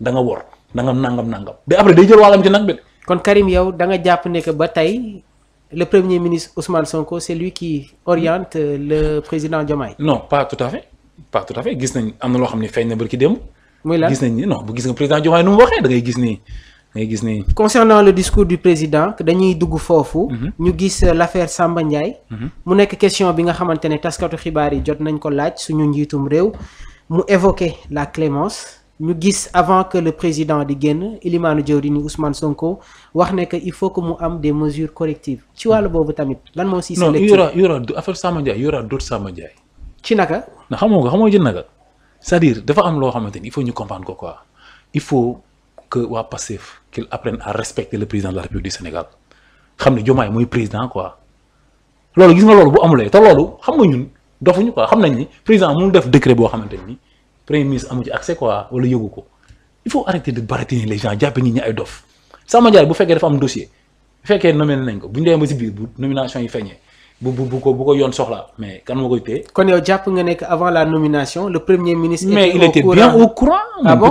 da nga wor da nga nangam nangam de après day jël wàllam ci nag bi. kon Karim yow da nga jàpp ne que ba tey le premier ministre Ousmane Sonko c'est lui qui oriente le président Diomaye. non pas tout à fait pas tout à fait gis nañ am na loo xam ne feeñ na bari ki démb. muy lan gis nañ ni non bu gis nga président Diomaye nu mu waxee da gis ni. ngay gis ni concernant le discours du président dañuy dugg foofu. Mhm. ñu gis euh, l'affaire Samba Ndiaye. Mhm. mu nekk question bi nga xamante ne taskatu xibaar yi jot nañ ko laaj suñu njiitum réew mu évoquer la clémence. ñu gis avant que le président di génn Ilimaanu Jawriñ Ousmane Sonko wax ne que il faut que mu am des mesures correctives ci hmm. wàllu boobu tamit lan moo si. non il y aura il y aura affaire Samba Ndiaye ci naka. na xamoo nga xamoo jën naka c'est-à-dire dafa am loo xamante ni il faut ñu comprendre ko quoi il faut que waa Pastef qu'ils apprennent à respecter le président de la République Sénégal xam ne Diomaye mooy président quoi loolu gis nga loolu te loolu xam nga ñun dofuñu quoi xam nañ ni président mënul def décret boo xamante ni. premier ministre amu ci accès quoi wala yëgu ko il faut arrêter de baratiner les gens jàppe nit ñi ay dof Samba Ndiaye bu fekkee dafa am dossier bu fekkee nomination yi feeñee bu bu bu ko yoon soxla mais kan koy téye. kon yow jàpp nga nekk avant la nomination le premier ministre. mais il bien au courant. ah bon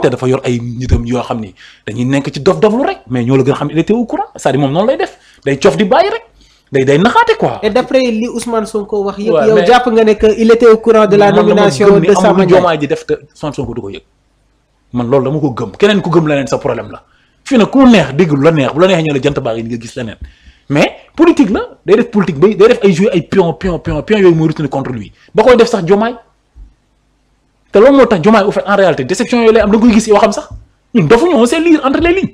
moom noonu lay def day cof di bàyyi rek. day day naxaate quoi. et d'après li Ousmane Sonko wax. yëpp yow jàpp nga ne il était au courant de la nomination de Samba Ndiaye man ko yëg man loolu dama ko gëm keneen ku gëm leneen sa problème la fii nag ku neex dégg lu la neex bu la neexee ñoo la jant baax yi nga gis leneen mais politique la day def politique bay day def ay joué ay pion pion pion pion yooyu mooy retourné contre lui ba koy def sax jomaay te loolu moo tax jomaay au fait en réalité déception yooyu yoo xam sax ñun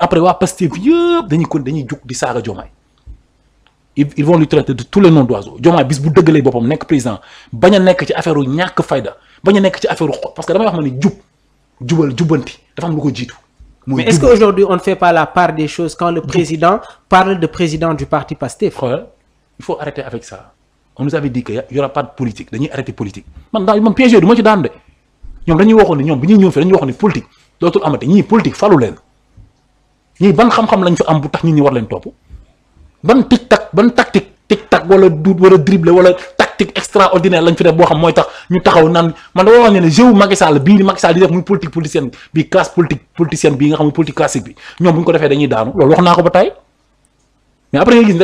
après waa Pastef yëpp dañuy kon dañuy jug di saaga Diomaye ils vont lui traiter de tous les noms d'oiseaux Diomaye bis bu dëggalee boppam nekk président bañ a nekk ci affaire ñàkk fayda bañ a nekk ci affaire parce que damay wax ma ni jub jubal jubanti dafa am lu ko jiitu. mais est-ce qu'aujourd'hui on ne fait pas la part des choses quand le président parle de président du parti Pastef. xoolal il faut arrêter avec ça on nous avait dit que y aura pas ñii ban xam-xam lañ fi am bu tax nit ñi war leen topp ban tic tac ban tactique tic tac wala duut wala dribble wala tactique extraordinaire lañ fi def boo xam mooy tax ñu taxaw naan man dama wax ne ne jeu Macky Sall bii ni Macky di def muy politique politicienne bi classe politique politicienne bii nga xam muy politique classique bi ñoom bu ñu ko defee dañuy daanu loolu wax naa ko ba tey mais après ni Macky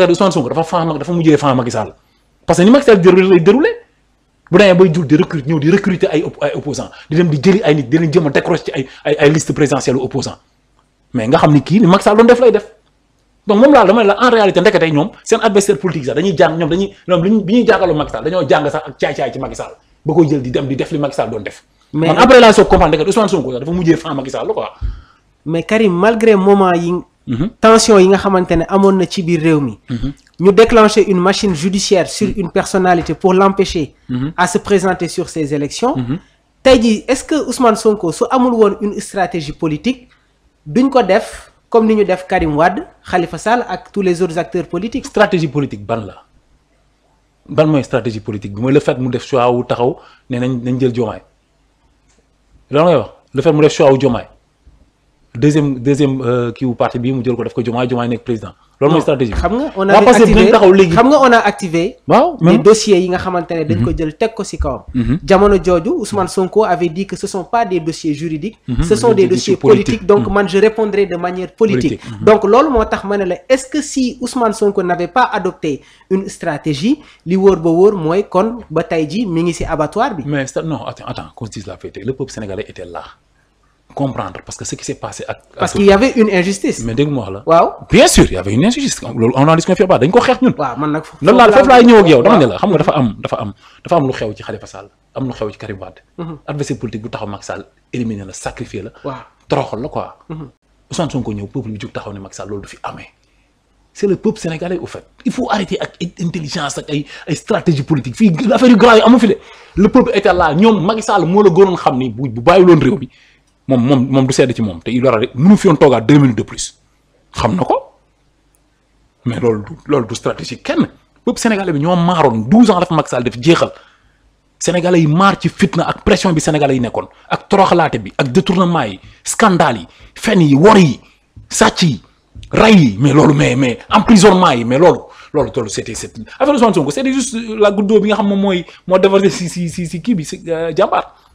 Sall di bu demee bay jur di recruter ñëw di a mais nga xam ni kii ni Macky doon def lay def donc moom laal dama la en réalité ndeketey ñoom seen adversaire politique sax dañuy jàng ñoom dañuy bi ñuy jàkkaarloo Macky dañoo jàng sax ak caay-caay ci Macky ba koy jël di dem di def li Macky Sall doon def. mais man après laa soog comprendre ndeket Ousmane Sonko dafa mujjee fan Macky Sall quoi. mais Karim malgré moment yi. Mhm. tension yi nga xamante ne amoon na ci biir réew mi. Mhm. ñu déclencher une machine judiciaire sur mhm. une personnalité pour l'empêcher. à se présenter sur ces élections. ce que Ousmane Sonko su amul woon une stratégie politique. duñ ko def comme ni ñu def Karim wadd xalifa Sall ak tous les autres acteurs politiques. stratégie politique ban la ban mooy stratégie politique bi mooy le fait mu def choix wu taxaw ne nañ nañ jël Diomaye loolu ngay wax le fait mu def choix wu Diomaye deuxième deuxième euh, kii wu parti bii mu jël ko def ko Diomaye Diomaye nekk président. loolu mooy xam nga on a activé taxaw léegi xam nga on a activé. waaw yi nga xamante ne dañ ko mhm. jël teg ko ci kaw mhm. jamono jooju Ousmane Sonko avait dit que ce sont pas des dossiers juridiques. Mhm. ce sont des dossiers politiques donc man je répondrai de manière politique. donc loolu moo tax ma ne la est-ce que si Ousmane Sonko n'avait pas adopté une stratégie li woor ba woor mooy kon ba tey ji mi ngi ci abattoir bi. mais non attends attends qu'on se dise la vérité le était là. comprendre parce que ce qui s'est passé ak. parce qu'il y avait une injustice. mais dégg nga wax la. waaw bien sûr il y une injustice loolu on en discute ko xeex ñun. waaw man nag foofu lan laa foofu laay ñëw la xam nga dafa am dafa am dafa am mhm. la sacrifié la. waaw toroxal la quoi. Mhm. ñëw peuple bi jug taxaw ne Macky loolu du fi amee. c'est le peuple sénégalais au fait yu amu fi de le peuple était là ñoom Macky Sall moo la xam ni bu bu bàyyiloon réew mi moom moom moom du sedd ci moom te il aura mënu fi woon toogaat deux minutes de plus xam na ko mais loolu du loolu du stratégie kenn bépp sénégalais bi ñoo maaroon douze ans la fa Macky Sall def jeexal sénégalais yi maar ci fitna ak pression bi sénégalais yi nekkoon ak toroxalaate bi ak détournement yi scandale yi fen yi wor yi sàcc yi ray yi mais loolu mais mais yi mais loolu loolu loolu c'était c'est affaire Ousmane Sonko c'était juste la goutte d'eau bi nga xam moom mooy moo déversé si si si kii bi si euh, jàmbaar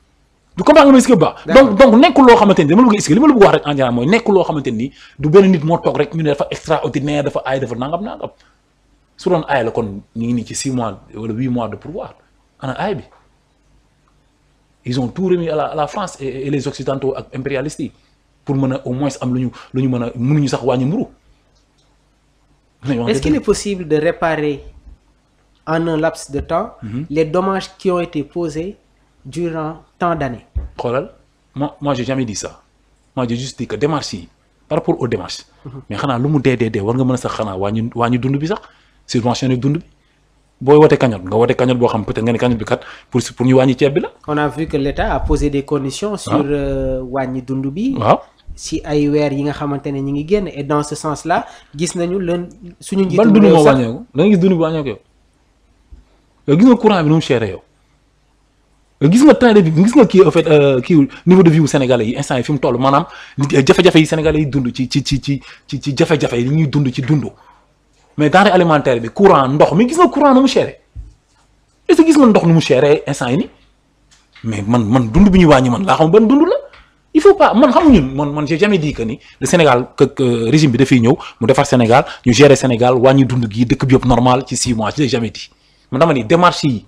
du comprendre nga ma expliqué baax donc nekkul loo xamante ni dama la bëgg expliqué li ma la bëgg wax rek en mooy nekkul loo xamante ni du benn nit moo toog rek ñu ne dafa extraordinaire dafa aay dafa nangam nangam su doon aay la kon ñu ngi nii ci six mois wala huit de pouvoir ana aay bi ils ont la à les occidentaux ak impérialistes pour mën au moins am lu ñu lu ñu mën a mënuñu sax wàññi mburu est-ce qu'il est possible de réparer en un laps de temps. Mm-hmm. les dommages qui ont été posés. durant tant d'années. xoolal moi moi j'ai jamais dit ça moi j'ai juste dit que démarche yi par rapport aux démarches. Mhm. mais xanaa lu mu dee dee dee war nga mën a sax xanaa wàññi wàññi dund bi sax subventionné dund bi booy wootee cagnotte nga wootee boo xam peut-être nga ne cagnotte bi kat pour pour ñu wàññi ceeb bi la. on a vu que l'État a posé des conditions. Ah. sur euh, wàññi dund bi. waaw. Ah. si ay weer yi nga xamante ne ñu ngi génn et dans ce sens là gis nañu leen. suñu njiitu ban dund moo wàññeeku da nga gis dund bi wàññeeku yow. gis nga courant bi nu mu cher yow. gis nga train de gis nga kii en fait euh, kii niveau de vie wu sénégalais yi instant yi fi mu toll jafe-jafe yi sénégalais yi dund ci ci ci ci ci ci jafe-jafe ñuy dund ci dund mais denrée alimentaire bi courant ndox mi gis nga courant nu mu chéré est ce gis nga ndox nu mu chéré instant yi ni mais man man dund bi ñuy wàññi man laa xam ban dund la il faut pas man xamuñu man man j'ai jamais dit que ni le Sénégal que régime bi dafay ñëw mu defar Sénégal ñu gérer Sénégal wàññi dund gi dëkk bi yëpp normal ci six mois je l'ai jamais yi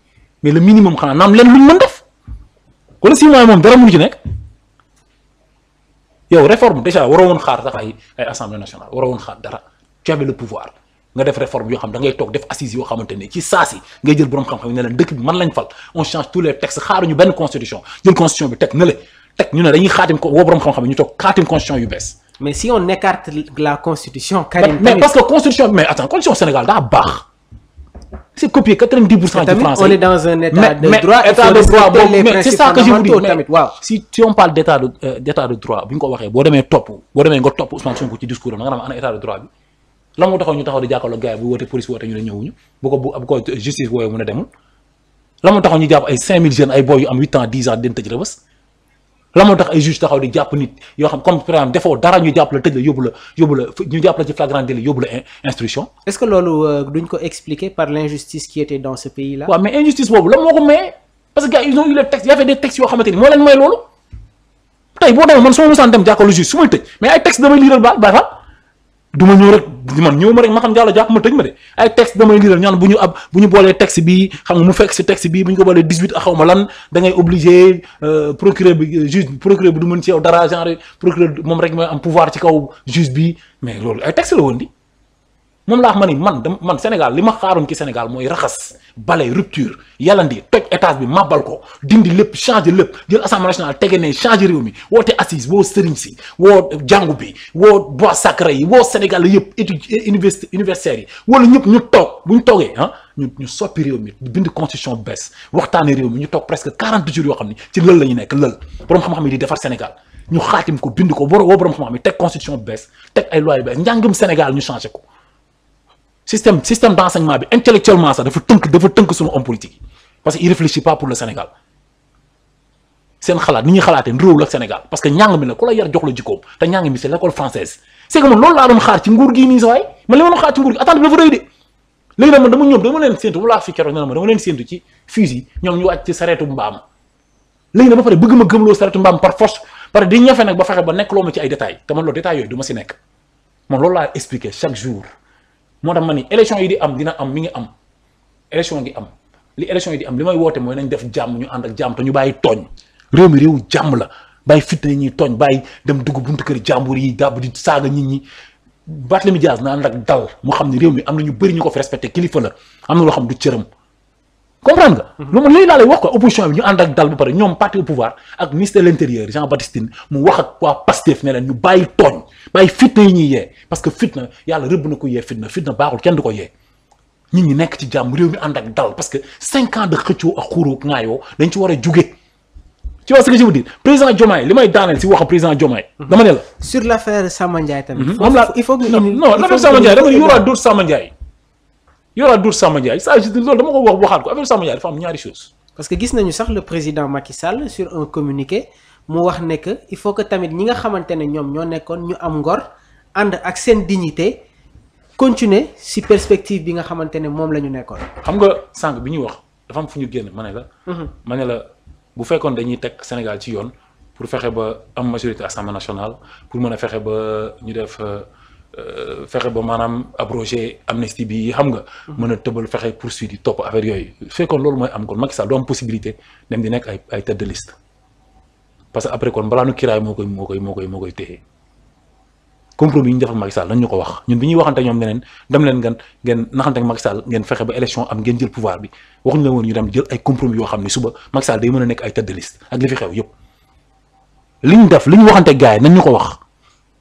kon six mois yi moom dara mënu ci nekk yow réforme déjà waroo woon xaar dara tu le pouvoir nga def réforme yoo xam da ngay toog def assise yoo xamante ne ci saasi xam-xam ne leen man lañ fal on change tous les textes xaaruñu benn constitution jël constitution bi teg na le ñu ne dañuy xaatim woo borom xam-xam ñu toog xaatim constitution yu mais si on écarte la constitution. Karim mais parce que constitution mais attends constitution Sénégal daa baax. c'est copié 90 pour cent du français. on est dans état de droit mais état de c'est ça que je vous dis waaw si si on parle d'état de euh, droit bu ñu ko waxee boo demee topp boo demee nga topp Ousmane Sonko ci discours am na nga naan ana état de droit bi la moo taxaw ñu taxaw di jàkkaarloo gars yi bu woote police woote ñu ne ñëwuñu bu ko bu ko justice wooyee mu ne demul la moo taxaw ñu jàpp ay 5000 jeunes ay boy yu am 8 ans 10 la moo tax ay juge taxaw di jàpp nit yoo xam comme par exemple defoo dara ñu jàpp la tëj la yóbbu la la ñu jàpp la instruction. est-ce que loolu euh, duñ ko par l'injustice qui était dans ce pays là. waaw mais injustice boobu la moo ko maye ils ont eu les textes y avait des textes yoo xamante ni moo leen may loolu tey boo demee man su ma mosaan dem jàkkaarloo juge su may tëj mais ay textes damay liiral baal baal du ma ñëw rek man ñëw ma rek ma xam jàll jàpp ma tëj ma de ay texte damay liiral ñaan bu ñu ab bu ñu boolee texte bi xam nga mu fekk si texte bi bu ñu ko boolee 18 ah, xaw ma lan da ngay obligé euh, bi euh, juge procureur bi du mën ci yow dara genre procureur moom rek mooy am pouvoir ci kaw juge bi mais loolu ay texte la woon di. moom laa wax ma ni man dama man Sénégal li ma xaaroon ci Sénégal mooy raxas bale rupture yalandi toj étage bi màbbal ko dindi lépp changer lépp jël assemblée nationale tege ne changer réew mi woote assise woo sëriñ si woo jàngu bi wo bois sacré yi woo Sénégal yëpp étude université universitaires yi wala ñëpp ñu toog bu ñu toogee ah ñu ñu soppi réew mi bind constitution bees waxtaanee réew mi ñu toog presque quarante jours yoo xam ni ci lël la ñu nekk lël borom xam-xam yi di defar Sénégal. ñu xaatim ko bind ko woo borom xam-xam teg constitution bees teg ay loi yu bees ñu changé ko système système d'enseignement bi intellectuellement sax dafa tënk dafa tënk suñu homme politique parce que il réfléchit pas pour le Sénégal seen xalaat ni ñuy xalaatee ndurawul ak Sénégal parce que ñàng mi nag ku la yar jox la jikkoom te ñàng mi c'est l'école française c'est que ma doon leen séntu wala fi keroog leen séntu ci fusil ñoom ñu wàcc ci sareetu mbaam léegi nag ba par force pare ba fexe ba nekk loo ma ci ay détails te man loolu détails yooyu du man loolu laa expliquer chaque jour moo tax ma ni élection yi di am dina am mi ngi am élection di am li élection yi di am li may woote mooy nañ def jàmm ñu ànd ak jàmm te ñu bàyyi tooñ réew mi réewu jàmm la bàyyi fitna yi ñuy tooñ bàyyi dem dugg buntu kër jàmbur yi dàbb di saaga nit ñi Barthélémy Dias na ànd ak dal mu xam ne réew mi am na ñu bëri ñu ko fi respecté kilifa la am na loo xam du cëram comprendre nga. lu ma léegi laa lay wax quoi opposition bi ñu ànd ak dal ba pare ñoom parti au ak ministre de intérieur Jean Baptiste mu wax ak waa Pastef ne leen ñu bàyyi tooñ bàyyi fitna yi ñuy yee parce que fitna yàlla rëbb na ko yee fitna fitna baaxul kenn du ko yee nit ñi nekk ci jàmm réew mi ànd ak dal parce que cinq ans de a ak xuuroo ŋaayoo dañ ci war a jugee tu vois ce que je veux dire président Diomaye li may daaneel si waxu président Diomaye. dama l' affaire Samba mhm. l' affaire Samba Ndiaye dama Y'aura d'autres Samba sa ça je loolu dama ko wax waxaat ko affaire Samba dafa am ñaari chose parce que gis nañu sax le président Macky sur un communiqué mu wax ne que il faut que tamit ñi nga xamante ñoom ñoo nekkoon ñu am ngor ànd ak seen dignité continuer si perspective bi nga xamante ne moom la ñu nekkoon. xam nga sànq bi ñu wax dafa am fu ñu génn ma ne la. Mhm. ma ne la bu fekkoon dañuy teg Sénégal ci yoon pour fexe ba am majorité assemblée nationale pour mën a fexe ba ñu def. Euh, Euh, fexe ba maanaam abrogé amnistie bi xam nga. Mhm. mën a tëbal fexe poursuite yi topp affaire yooyu fekkoon loolu mooy am kon Macky Sall du am possibilité dem di nekk ay ay tête parce que après kon balaa nu kiraay moo koy moo koy moo koy moo koy téye compromis yi ñu defal Macky Sall nañ ñu ko wax ñun bi ñuy waxante ñoom neneen dem leen ngeen ngeen naxante ak Macky Sall ngeen fexe ba élection am ngeen jël pouvoir bi waxuñu la woon ñu dem jël ay compromis yoo xam ni suba Macky Sall day mën a nekk ay tête de liste li fi xew yëpp liñ def wax.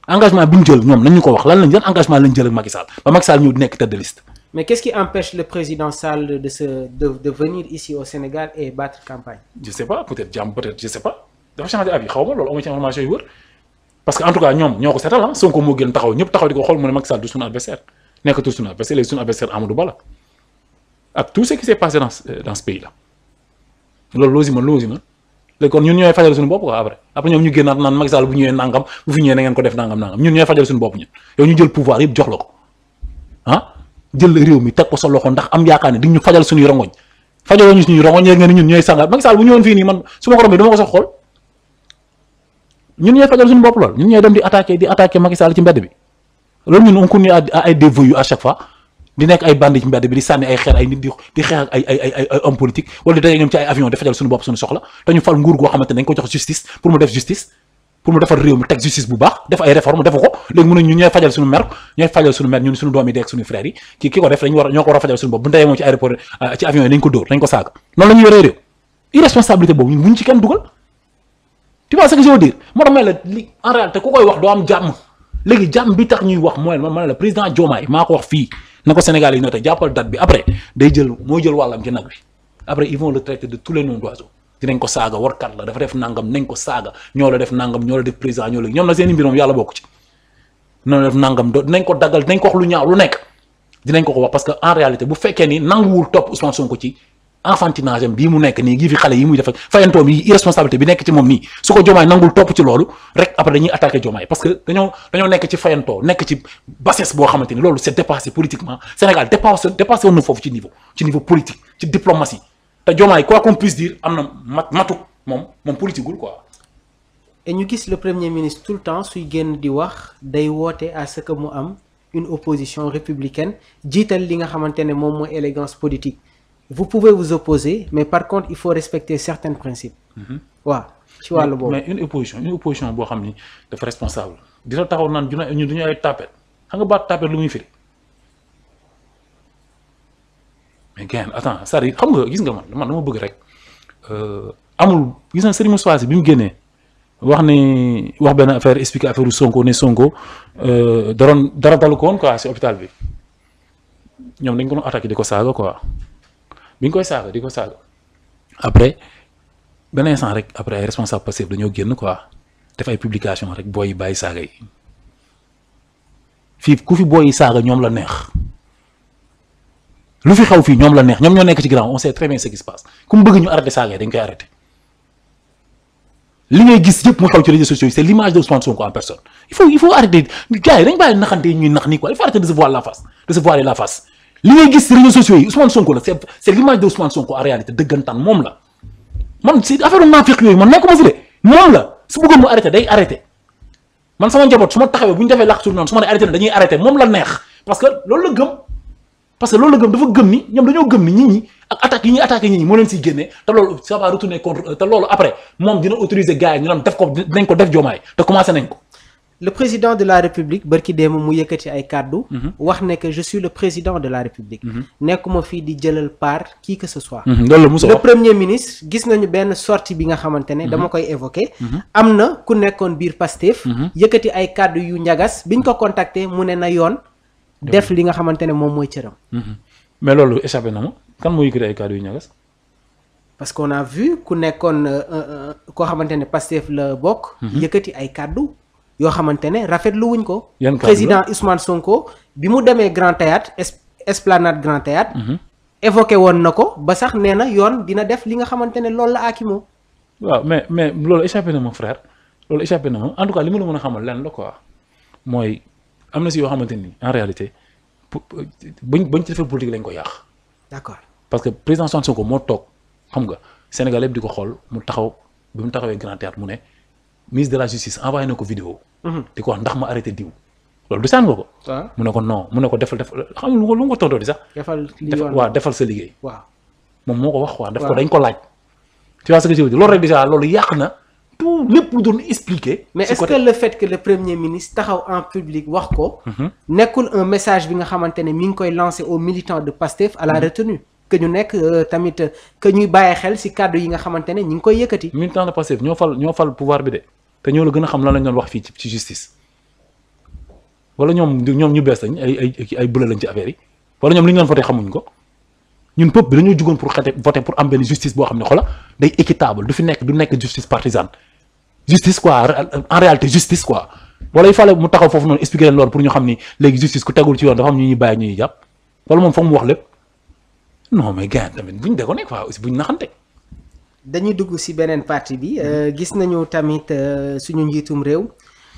engagement bi ñu jël ñoom nañu ko wax lan lañ yan engagement lañ jël ak Macky Sall ba Macky Sall ñu nekk tête de liste. mais qu'est-ce qui empêche le président Sall de venir ici au Sénégal et battre campagne. je sais pas peut-être jàmm peut-être je sais pas dafa changé avis xaw ma loolu amoo ci information yu wër parce que en tout cas ñoom ñoo ko seetal ah Sonko moo gën taxaw ñëpp taxaw di ko xool mu ne Macky du suñu adversaire nekkatul suñu adversaire adversaire léegi kon ñun ñooy fajal suñu bopp quoi après après ñoom ñu génnaat naan Macky Sall bu ñëwee nangam bu fi ñëwee na ngeen ko def nangam nangam ñun ñooy fajal suñu bopp ñun jël pouvoir yëpp ah? mi teg ko sa loxo ndax am yaakaar ne di ñu fajal suñuy rongoñ fajaloo ñu suñuy rongoñ yéeg ngeen ñun ñooy sàngal Macky Sall bu ñëwoon fii nii man su ma ko rombee du ma ko sax xool ñun ñooy fajal dem di attaquer di attaquer Macky Sall ci mbedd bi loolu ñun on continue ay des voyous à chaque fois di nekk ay bandits ci di sànni ay xeer ay nit di di ay ay ay politique wala di daje ñoom ci avion dafa jël suñu bopp suñu soxla te ñu fal nguur goo xamante ne euh, nañ ko dóor nañ ko saaga noonu la ñu réew irresponsabilité boobu buñ ci kenn dugal tu vois ce moo tax la li en réalité ku koy wax doo jàmm léegi jàmm bi tax ñuy wax mooy man la président Diomaye maa ko wax fii na ko Sénégal yi noté jàppal date bi après day jël moo jël wàllam ci nag bi après ils vont le traiter de tous les noms d'oiseaux dinañ ko saaga warkat la dafa def nangam nañ ko saaga ñoo la def nangam ñoo la def président ñoo la ñoom na seen i mbir moom yàlla bokk ci nangam do dinañ ko daggal dañ ko wax lu ñaaw lu nekk dinañ ko ko wax parce que en réalité bu fekkee ni nanguwul topp Ousmane Sonko ci enfantinage am bii mu nekk nii ngi fi xale yi muy def ak fayantoom yi irresponsabilité bi nekk ci moom nii su ko Diomaye nangul topp ci loolu rek après dañuy attaqué Diomaye parce que dañoo nekk ci fayantoo nekk ci bassesse boo xamante ni loolu c'est dépassé politiquement Sénégal dépassé dépassé woon na foofu ci niveau ci niveau politique ci diplomatie te Diomaye quoi qu'on puisse dire am na mat matu moom moom politique gul quoi. et ñu gis le premier ministre tout le temps suy génn di wax day woote à ce mu am une opposition républicaine jiital li nga xamante ne moom mooy élégance politique. vous pouvez vous opposer mais par contre il faut respecter certains principes. Mhm. waaw ci wàllu boobu. mais une opposition une opposition boo xam ni dafa responsable. dina taxaw naan ñu dañu ay tapet xam nga baat tapet lu muy firi mais gars attends cest xam nga gis nga man man dama bëgg rek euh, amul gis nga Serigne Moustapha bi mu génnee wax ni wax benn affaire expliquer affaire Sonko ne Sonko euh, daroon dara dalu ko woon si hôpital bi ñoom dañ kon attaque di ko saaga quoi. bi ñu koy saaga di ko saaga après benn instant rek après ay responsable passif dañoo génn quoi def ay publication rek booy yi bàyyi saaga yi fii ku fi booy yi saaga ñoom la neex lu fi xaw fii ñoom la neex ñoom ñoo nekk ci grand on sait très bien ku mu bëgg ñu arrêté saaga yi dañ koy arrêté li ngay gis yëpp mu xew ci réseaux sociaux yi c'est l'image de Ousmane Sonko en personne il faut il faut arrêter gars yi dañ bàyyi naxante yi ñuy nax nii quoi il faut li ngay gis réseaux sociaux yi Ousmane Sonko la c' est c' est l' image en réalité dëggantaan moom la man si affaire naafiq yooyu man nekkuma si de moom la su bëggoon mu arrêté day arrêté man sama njaboot su ma taxawee bu ñu defee moom la neex parce que loolu la gëm parce que loolu la gëm dafa gëm ni ñoom dañoo gëm ni nit ñi ak attaque yi ñuy attaqué ñi moo leen siy génnee te loolu ça va contre te loolu après moom dina autoriser gars ñu naan def ko dinañ ko def joomaay te commencé nañ ko le président de la république barki démb mu yëkkati ay kàddu mhm. wax ne que je le président de la république mhm. nekkuma fii di jëlal part kii que ce soit mhm, le premier ministre gis nañu benn sorti bi nga xamante ne dama koy évoquer am na ku nekkoon biir Pastef yëkkati ay kàddu yu njagas biñ ko contacter mu ne na yoon def li nga xamante ne moom mooy cëram mais loolu échappé na ma kan moo yëkkati ay kàddu yu ñagas parce qu'on a vu ku nekkoon euh, euh, euh, koo xamante ne Pastef la bokk yëkkati ay kàddu yoo xamante ne rafetlu wuñ ko. président Ousmane Sonko bi mu demee Grand Théâtre Esplanade Grand Théâtre mhm. évoqué woon na ko ba sax nee na yoon dina def li nga xamante ne loolu la akimoo. waaw mais mais loolu échappé na ma frère loolu échappé na ma en tout cas li ma la mën a xamal lenn ko quoi mooy am na si yoo xamante ni en réalité buñ buñ ci defee politique lañ ko yàq. d'accord parce que président Sonko moo toog xam nga Sénégal di ko xool mu taxaw bi mu taxawee Grand Théâtre mu ne. ministre de la justice envoyé na ko vidéo. Mhm. di ko wax ndax ma arrêté diw. loolu du saan nga ko. mu ne ko non mu ne ko defal defal xam nga lu ko lu nga ko tontoo di sax. defal waaw defal sa liggéey. waaw moom moo ko wax waaw. daf ko dañ ko laaj. tu vois ce que je veux dire loolu rek déjà loolu yàq na. tout lépp lu doon expliqué. mais est-ce que le fait que le premier ministre taxaw en public wax ko. Mhm. nekkul un message bi nga xamante ne mi ngi koy lancé aux militants de PASTEF à la mhm. retenue. que ñu nekk euh, tamit que ñuy bàyyi xel si kàddu yi nga xamante ne ñu ngi koy yëkkati. militants de PASTEF ñoo fal ñoo fal pouvoir bi de. te ñoo la gën a xam lan lañ doon wax fii ci justice wala ñoom ñoom ñu bees lañ ay ay ay ci affaire yi wala ñoom li ñu doon voté xamuñ ko ñun peuple bi dañoo jugoon pour xete voté pour am benn justice boo xam ne xola day équitable du fi nekk du nekk justice partisane justice quoi en réalité justice quoi wala il fallait mu taxaw foofu noonu expliquer leen loolu pour ñu xam ni léegi justice ku tegul ci yoon dafa am ñu ñuy bàyyi ñu ñuy jàpp wala moom foog mu wax lépp non mais gars buñ déggoonee quoi dañuy dugg ci beneen partie bi mhm. euh, gis nañu tamit euh, suñu njiitum réew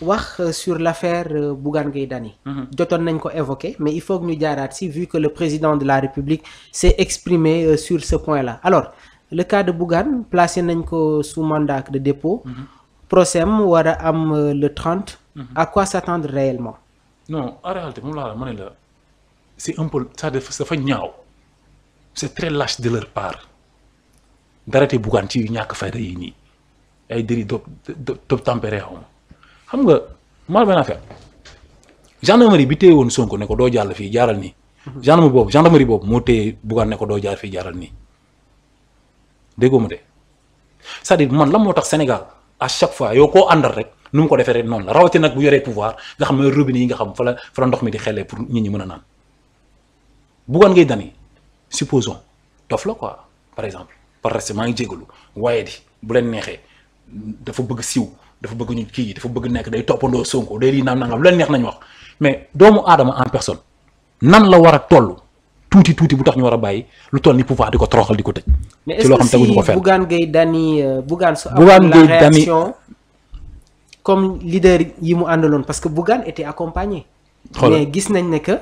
wax euh, sur l'affaire Bougane Gueye Dany mhm. jotoon nañ ko évoqué mais il faut que ñu jaaraat ci vu que le président de la République s'est exprimé sur ce point-là alors le cas de Bougane placé nañ ko su mandat de dépôt mhm. procès am war am le 30 à quoi s'attendre réellement non en réalité moom laa la ma ne la c'est un peu ça dafa ñaaw c'est très lâche de leur part darate buggaan ci yu ñàkk fayda yi nii ay dëri dop dop tempéré xaw xam nga mal benn affaire gendarmerie bi téye woon sonk ne ko doo jàll fii jaaral nii mhm. gendarme boobu gendarmerie boobu moo téye buggaan ne ko doo jaar fii jaaral nii déggoo ma de cest à man la moo tax Sénégal à chaque fois yow koo àndal rek nu mu ko defee noonu la rawati nag bu yoree pouvoir nga xam ne robinet yi nga xam fa la ndox mi di xellee pour nit ñi mën a naan buggaan dan dani supposons dof la quoi par exemple par respect maa ngi jégalu waaye di bu leen neexee dafa bëgg siw dafa bëgg ñu kii dafa bëgg nekk day toppandoo Sonko day lii naam nangam lu leen neex nañu wax mais doomu aadama en personne nan la war a toll tuuti tuuti bu tax ñu war a bàyyi lu toll ni pouvoir di ko toroxal di ko tëj. ci loo xam teguñu euh, comme leader yi mu àndaloon parce que Bougane était accompagné. mais gis nañ ne que.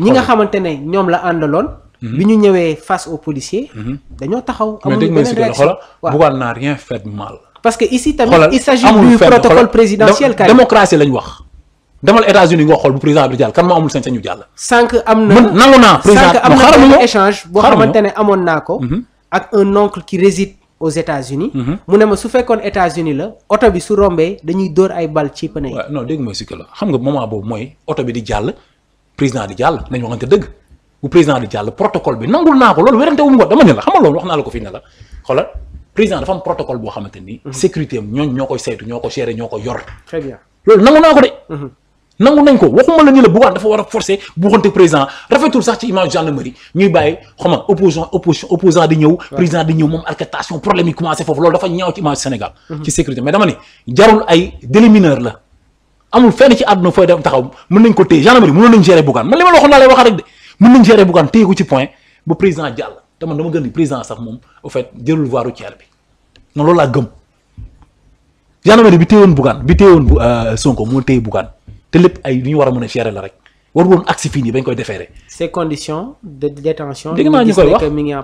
ñi nga xamante ne ñoom la àndaloon. Mhm. bi ñu ñëwee face aux policiers. Mhm. dañoo taxaw amuñu beneen réaction mais dégg nga rien fait mal. parce que ici tamit il s'agit du protocole présidentiel. carrément démocratie lañ wax. xool président Abdou Diallo kan moo amul sañ-sañu jàll. sànq am na man nangu ne amoon naa ko. Mhm. ak un oncle qui réside aux États-Unis mu ne ma su fekkoon États-Unis la oto bi su rombee dañuy dóor ay bal ci pneu yi. dégg mooy si la xam nga moment boobu mooy oto bi di jàll président di jàll nañu waxante dëgg. bu président di jàll protocole bi nangul naa ko loolu werante wu mu ko dama ne la xamal loolu wax naa la ni. Mhm. sécurité am ñooñ nangu naa ko de. Mhm. nangu nañ ko waxuma la ni la Bougane dafa war a forcer buuxante président rafetul sax ci image gendarmerie mhm. mais jarul ay délimineur la amul fenn ci àdduna fooy dem taxaw mën nañ ko téye gendarmerie mënoon nañ gérer Bougane man li ma la waxoon naa rek de mën nañ gérer Bougane téye ko ci point ba président jàll te man dama gën di président sax moom au fait jërul voir routière bi man loolu laa gëm. gendarmerie bi téyewoon Bougane bi téyewoon bu euh, Sonko moo téye Bougane te lépp ay lu ñu war a mën a gérer la rek waru woon agsi fii nii bañ koy defeere ces conditions de détention dégg naa ñu koy wax mi ngi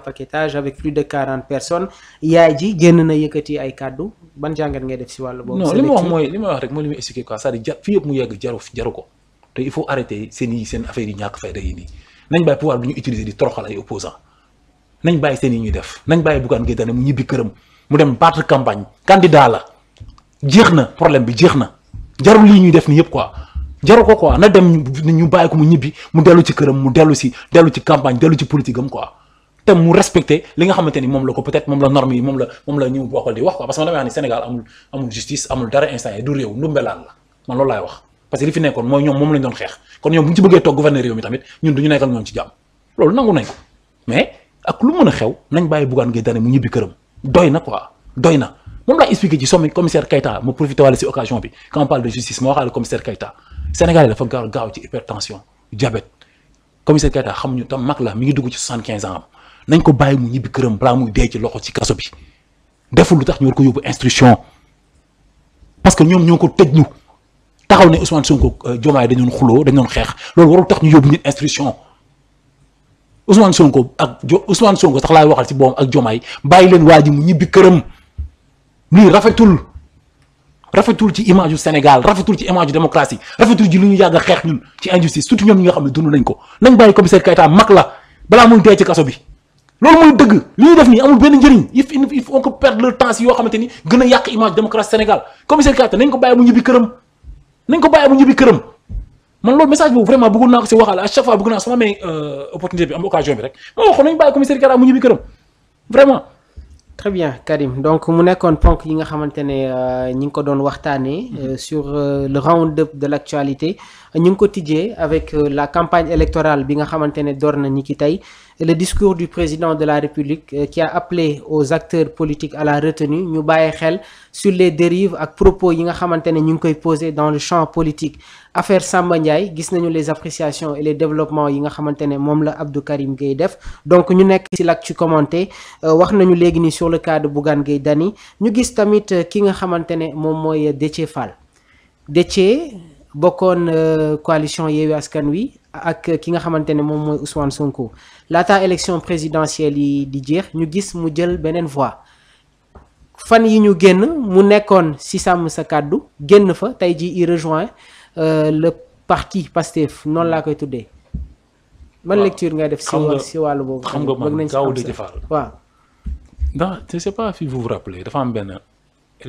yëpp mu yegg jaru jaru ko te il faut arrêter seen yi seen affaire yi ñàkk fayda yi nii nañ bàyyi pouvoir bi ñu utiliser di toroxal ay opposants nañ bàyyi seen yi ñuy def nañ bàyyi Bougane Gueye Dany mu ñibbi këram mu dem battre campagne candidat la jeex na problème bi jeex na jarul lii ñuy def nii yëpp quoi jaru ko quoi na dem ñu bàyyi ko mu ñibbi mu dellu ci këram mu dellu si dellu ci campagne dellu ci politique am te mu respecté li nga xamante ni moom la ko peut moom la norme yi moom la moom la ñu bokkal di wax quoi parce que man damay wax ni Sénégal amul amul justice amul dara instant yi la man parce que li fi nekkoon mooy ñoom moom lañ doon xeex kon ñoom bu ñu ci bëggee toog gouverneur réew mi tamit ñu nekkal ñoom ci jàmm loolu nangu nañ ko mais ak lu mën a xew nañ bàyyi Bougane Gueye Dany mu ñibbi këram doy na quoi doy na moom laa expliqué ci sommet commissaire Keita ma profité wàlla si occasion bi quand parle de justice ma waxaale commissaire Keita Sénégalais dafa gaaw gaaw ci hypertension diabète commissaire Keita xamuñu tam mag la mi ngi dugg ci soixante-quinze ans am ko bàyyi mu ñibbi këram balaa muy dee ci loxo ci kaso bi deful lu tax ñu war ko yóbbu instruction ñoo ko tëj ñu taxaw ne Ousmane Sonko euh, Diomaye dañu doon xuloo dañu xeex loolu warul tax ñu yóbbu nit ak jo Ousmane Sonko sax laay waxal ci boom ak Diomaye bàyyi leen waa ji mu ñibbi këram lii rafetul rafetul ci image yu Sénégal rafetul ci image yu démocratie rafetul ci ñu yàgg a xeex ñun ci ne dund nañ ko nañ bàyyi commissaire Keita mag la balaa muy dee ci kaso bi. loolu mooy dëgg lu ñuy def nii amul benn njëriñ il faut il faut que perdre le temps yoo xamante ni gën a yàq image démocratie Sénégal commissaire Keita nañ ko bàyyi mu ñibbi këram. nañ ko bàyyi mu ñibbi këram man loolu message boobu vraiment bëggoon ko si waxaale à chaque fois bëgg naa su ma amee opportunité bi am occasion bi rek ma waxoon nañ bàyyi commissaire Kara mu très bien Karim donc mu nekkoon ponk yi nga xamante ne euh, ñi ngi ko doon waxtaanee mhm. euh, sur euh, le round-up de l'actualité ñu ngi ko tijjee avec la campagne électorale bi nga xamante ne door na ñi ki tey le discours du président de la République qui a appelé aux acteurs politiques à la retenue ñu bàyyi xel sur les dérives ak propos yi nga xamante ne ñu ngi koy poser dans le champ politique affaire Samba Ndiaye gis nañu les appréciations et les développements yi nga xamante ne moom la Abdou Karim Gueye def donc ñu nekk ci lak ci commenté euh, wax nañu léegi ni sur le cas de Bougane Gueye ñu gis tamit euh, ki nga xamante ne moom mooy euh, Déthié Fall Déthié bokkoon coalition Yewwi Askan Wi ak ki nga xamante ne moom mooy Ousmane Sonko laata élection présidentielle yi di jeex ñu gis mu jël beneen voie fan yi ñu génn mu nekkoon ci sàmm sa kàddu génn fa tey ji i rejoint Euh, le parti Pastef noonu laa koy tuddee. man lecture ngay def si si wàllu boobu. xam nga man gaaw di jëfaal waaw. ndax je sais pas si vous vous dafa am benn.